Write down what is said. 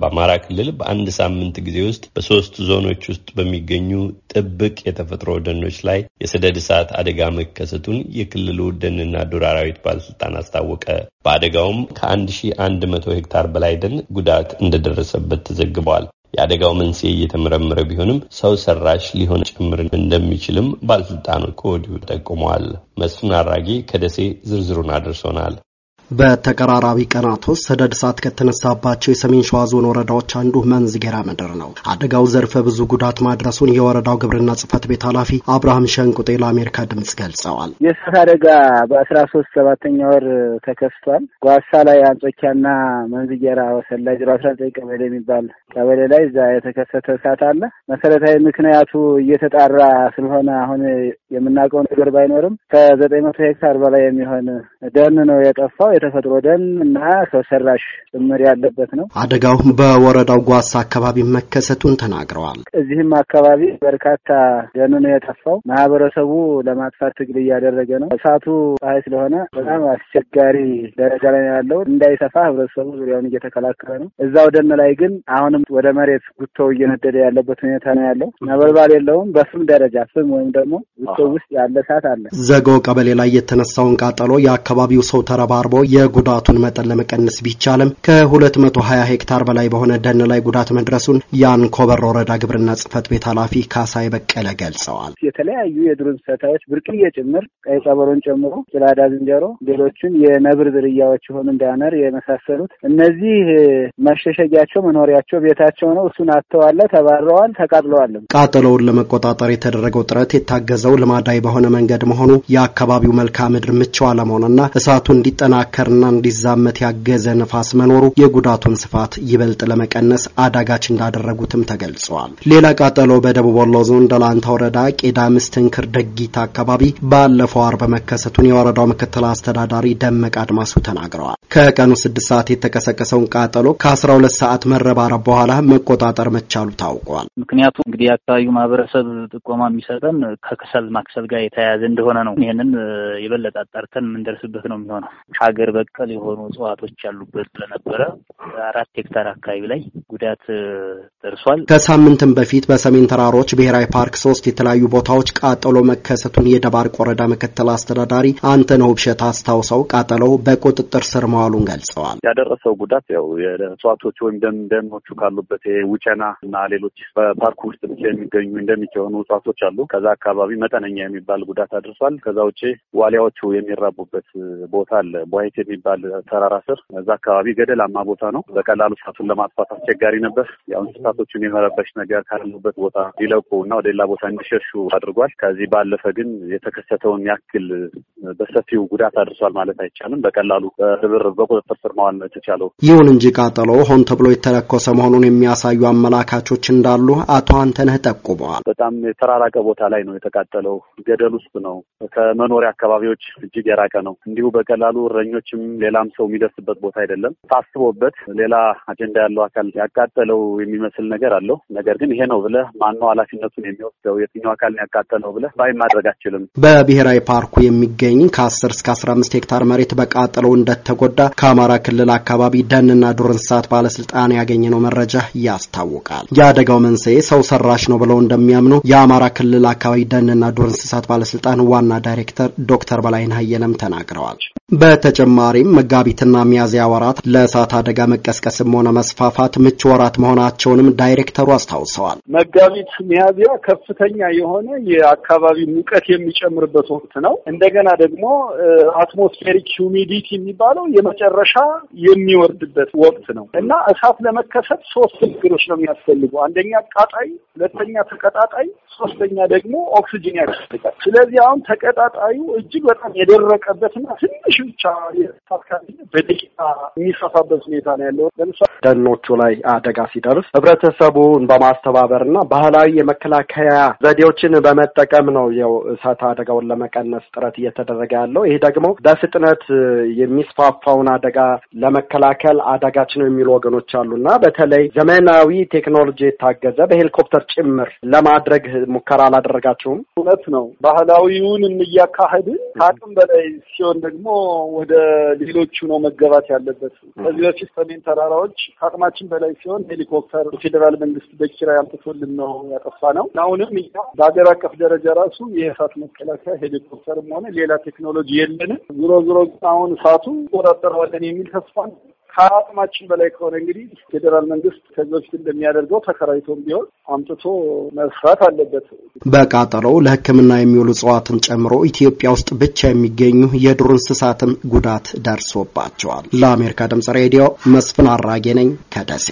በአማራ ክልል በአንድ ሳምንት ጊዜ ውስጥ በሶስት ዞኖች ውስጥ በሚገኙ ጥብቅ የተፈጥሮ ደኖች ላይ የሰደድ እሳት አደጋ መከሰቱን የክልሉ ደንና ዱር አራዊት ባለስልጣን አስታወቀ። በአደጋውም ከ1100 ሄክታር በላይ ደን ጉዳት እንደደረሰበት ተዘግቧል። የአደጋው መንስኤ እየተመረመረ ቢሆንም ሰው ሰራሽ ሊሆን ጭምር እንደሚችልም ባለስልጣኑ ከወዲሁ ጠቁመዋል። መስፍን አራጌ ከደሴ ዝርዝሩን አድርሶናል። በተቀራራቢ ቀናት ውስጥ ሰደድ እሳት ከተነሳባቸው የሰሜን ሸዋ ዞን ወረዳዎች አንዱ መንዝጌራ ምድር ነው። አደጋው ዘርፈ ብዙ ጉዳት ማድረሱን የወረዳው ግብርና ጽህፈት ቤት ኃላፊ አብርሃም ሸንቁጤ ለአሜሪካ ድምጽ ገልጸዋል። የእሳት አደጋ በአስራ ሶስት ሰባተኛ ወር ተከስቷል። ጓሳ ላይ አንጾኪያና መንዝጌራ ወሰን ዜሮ አስራ ዘጠኝ ቀበሌ የሚባል ቀበሌ ላይ እዛ የተከሰተ እሳት አለ። መሰረታዊ ምክንያቱ እየተጣራ ስለሆነ አሁን የምናውቀው ነገር ባይኖርም ከዘጠኝ መቶ ሄክታር በላይ የሚሆን ደን ነው የጠፋው። የተፈጥሮ ደን እና ሰው ሰራሽ ጭምር ያለበት ነው። አደጋው በወረዳው ጓሳ አካባቢ መከሰቱን ተናግረዋል። እዚህም አካባቢ በርካታ ደን ነው የጠፋው። ማህበረሰቡ ለማጥፋት ትግል እያደረገ ነው። እሳቱ ፀሐይ ስለሆነ በጣም አስቸጋሪ ደረጃ ላይ ነው ያለው። እንዳይሰፋ ህብረተሰቡ ዙሪያውን እየተከላከለ ነው። እዛው ደን ላይ ግን አሁንም ወደ መሬት ጉቶው እየነደደ ያለበት ሁኔታ ነው ያለው። ነበልባል የለውም። በፍም ደረጃ ፍም ወይም ደግሞ ጉቶ ውስጥ ያለ እሳት አለ። ዘጎ ቀበሌ ላይ የተነሳውን ቃጠሎ የአካባቢው ሰው ተረባርቦ የጉዳቱን መጠን ለመቀነስ ቢቻልም ከ220 ሄክታር በላይ በሆነ ደን ላይ ጉዳት መድረሱን የአንኮበር ወረዳ ግብርና ጽህፈት ቤት ኃላፊ ካሳይ በቀለ ገልጸዋል። የተለያዩ የዱር እንስሳቶች ብርቅዬ ጭምር ቀይ ቀበሮን ጨምሮ ጭላዳ ዝንጀሮ፣ ሌሎችን የነብር ዝርያዎች የሆኑ እንዳነር የመሳሰሉት እነዚህ መሸሸጊያቸው መኖሪያቸው ቤታቸው ነው። እሱን አጥተዋል፣ ተባረዋል፣ ተቃጥለዋል። ቃጠሎውን ለመቆጣጠር የተደረገው ጥረት የታገዘው ልማዳዊ በሆነ መንገድ መሆኑ የአካባቢው መልክዓ ምድር ምቹ አለመሆኑና እሳቱ እንዲጠናከ እንዲጠናከርና እንዲዛመት ያገዘ ንፋስ መኖሩ የጉዳቱን ስፋት ይበልጥ ለመቀነስ አዳጋች እንዳደረጉትም ተገልጿል። ሌላ ቃጠሎ በደቡብ ወሎ ዞን ደላንታ ወረዳ ቄዳ ምስትንክር ደጊት አካባቢ ባለፈው አርብ መከሰቱን የወረዳው ምክትል አስተዳዳሪ ደመቅ አድማሱ ተናግረዋል። ከቀኑ ስድስት ሰዓት የተቀሰቀሰውን ቃጠሎ ከአስራ ሁለት ሰዓት መረባረብ በኋላ መቆጣጠር መቻሉ ታውቋል። ምክንያቱ እንግዲህ የአካባቢው ማህበረሰብ ጥቆማ የሚሰጠን ከክሰል ማክሰል ጋር የተያያዘ እንደሆነ ነው። ይህንን የበለጠ አጣርተን የምንደርስበት ነው የሚሆነው ሀገር ሀገር በቀል የሆኑ እጽዋቶች ያሉበት ስለነበረ አራት ሄክታር አካባቢ ላይ ጉዳት ደርሷል። ከሳምንትም በፊት በሰሜን ተራሮች ብሔራዊ ፓርክ ሶስት የተለያዩ ቦታዎች ቃጠሎ መከሰቱን የደባርቅ ወረዳ ምክትል አስተዳዳሪ አንተነው ብሸት አስታውሰው ቃጠሎው በቁጥጥር ስር መዋሉን ገልጸዋል። ያደረሰው ጉዳት ያው የእጽዋቶች ወይም ደን ደኖቹ ካሉበት ውጨና እና ሌሎች በፓርክ ውስጥ ብቻ የሚገኙ እንደሚሆኑ እጽዋቶች አሉ። ከዛ አካባቢ መጠነኛ የሚባል ጉዳት አድርሷል። ከዛ ውጭ ዋሊያዎቹ የሚራቡበት ቦታ አለ ቧይ ሳይት የሚባል ተራራ ስር እዛ አካባቢ ገደላማ ቦታ ነው። በቀላሉ እሳቱን ለማጥፋት አስቸጋሪ ነበር። ያው እንስሳቶቹን የመረበሽ ነገር ካሉበት ቦታ ሊለቁ እና ወደ ሌላ ቦታ እንዲሸሹ አድርጓል። ከዚህ ባለፈ ግን የተከሰተውን ያክል በሰፊው ጉዳት አድርሷል ማለት አይቻልም። በቀላሉ ርብርብ በቁጥጥር ስር መዋል ነው የተቻለው። ይሁን እንጂ ቃጠሎ ሆን ተብሎ የተለኮሰ መሆኑን የሚያሳዩ አመላካቾች እንዳሉ አቶ አንተነህ ጠቁመዋል። በጣም የተራራቀ ቦታ ላይ ነው የተቃጠለው። ገደል ውስጥ ነው። ከመኖሪያ አካባቢዎች እጅግ የራቀ ነው። እንዲሁ በቀላሉ እረኞች ሌሎችም ሌላም ሰው የሚደርስበት ቦታ አይደለም። ታስቦበት ሌላ አጀንዳ ያለው አካል ያቃጠለው የሚመስል ነገር አለው። ነገር ግን ይሄ ነው ብለህ ማነው ኃላፊነቱን የሚወስደው የትኛው አካል ያቃጠለው ብለህ ባይ ማድረግ አችልም። በብሔራዊ ፓርኩ የሚገኝ ከአስር እስከ አስራ አምስት ሄክታር መሬት በቃጠለው እንደተጎዳ ከአማራ ክልል አካባቢ ደንና ዱር እንስሳት ባለስልጣን ያገኘነው መረጃ ያስታውቃል። የአደጋው መንስኤ ሰው ሰራሽ ነው ብለው እንደሚያምኑ የአማራ ክልል አካባቢ ደንና ዱር እንስሳት ባለስልጣን ዋና ዳይሬክተር ዶክተር በላይነህ አየለም ተናግረዋል። በተጨ በተጨማሪም መጋቢትና ሚያዝያ ወራት ለእሳት አደጋ መቀስቀስም ሆነ መስፋፋት ምቹ ወራት መሆናቸውንም ዳይሬክተሩ አስታውሰዋል። መጋቢት፣ ሚያዝያ ከፍተኛ የሆነ የአካባቢ ሙቀት የሚጨምርበት ወቅት ነው። እንደገና ደግሞ አትሞስፌሪክ ሁሚዲቲ የሚባለው የመጨረሻ የሚወርድበት ወቅት ነው እና እሳት ለመከሰት ሶስት ነገሮች ነው የሚያስፈልጉ። አንደኛ አቃጣይ፣ ሁለተኛ ተቀጣጣይ፣ ሶስተኛ ደግሞ ኦክሲጅን ያስፈልጋል። ስለዚህ አሁን ተቀጣጣዩ እጅግ በጣም የደረቀበትና ትንሽ ብቻ አካባቢ በደቂቃ የሚሰፋበት ሁኔታ ነው ያለው። ለምሳሌ ደኖቹ ላይ አደጋ ሲደርስ ህብረተሰቡን በማስተባበር እና ባህላዊ የመከላከያ ዘዴዎችን በመጠቀም ነው ያው እሳት አደጋውን ለመቀነስ ጥረት እየተደረገ ያለው። ይሄ ደግሞ በፍጥነት የሚስፋፋውን አደጋ ለመከላከል አዳጋች ነው የሚሉ ወገኖች አሉና በተለይ ዘመናዊ ቴክኖሎጂ የታገዘ በሄሊኮፕተር ጭምር ለማድረግ ሙከራ አላደረጋቸውም? እውነት ነው። ባህላዊውን እያካሄድን ከአቅም በላይ ሲሆን ደግሞ ወደ ሌሎቹ ነው መገባት ያለበት። ከዚህ በፊት ሰሜን ተራራዎች ከአቅማችን በላይ ሲሆን ሄሊኮፕተር ፌዴራል መንግስት በኪራይ አምጥቶልን ነው ያጠፋ ነው። አሁንም እኛ በሀገር አቀፍ ደረጃ ራሱ የእሳት መከላከያ ሄሊኮፕተርም ሆነ ሌላ ቴክኖሎጂ የለንም። ዞሮ ዞሮ ግን አሁን እሳቱ ቆጣጠረዋለን የሚል ተስፋ ነው። ከአቅማችን በላይ ከሆነ እንግዲህ ፌዴራል መንግስት ከዚህ በፊት እንደሚያደርገው ተከራይቶም ቢሆን አምጥቶ መስራት አለበት። በቃጠሎው ለሕክምና የሚውሉ እጽዋትን ጨምሮ ኢትዮጵያ ውስጥ ብቻ የሚገኙ የዱር እንስሳትም ጉዳት ደርሶባቸዋል። ለአሜሪካ ድምጽ ሬዲዮ መስፍን አራጌ ነኝ ከደሴ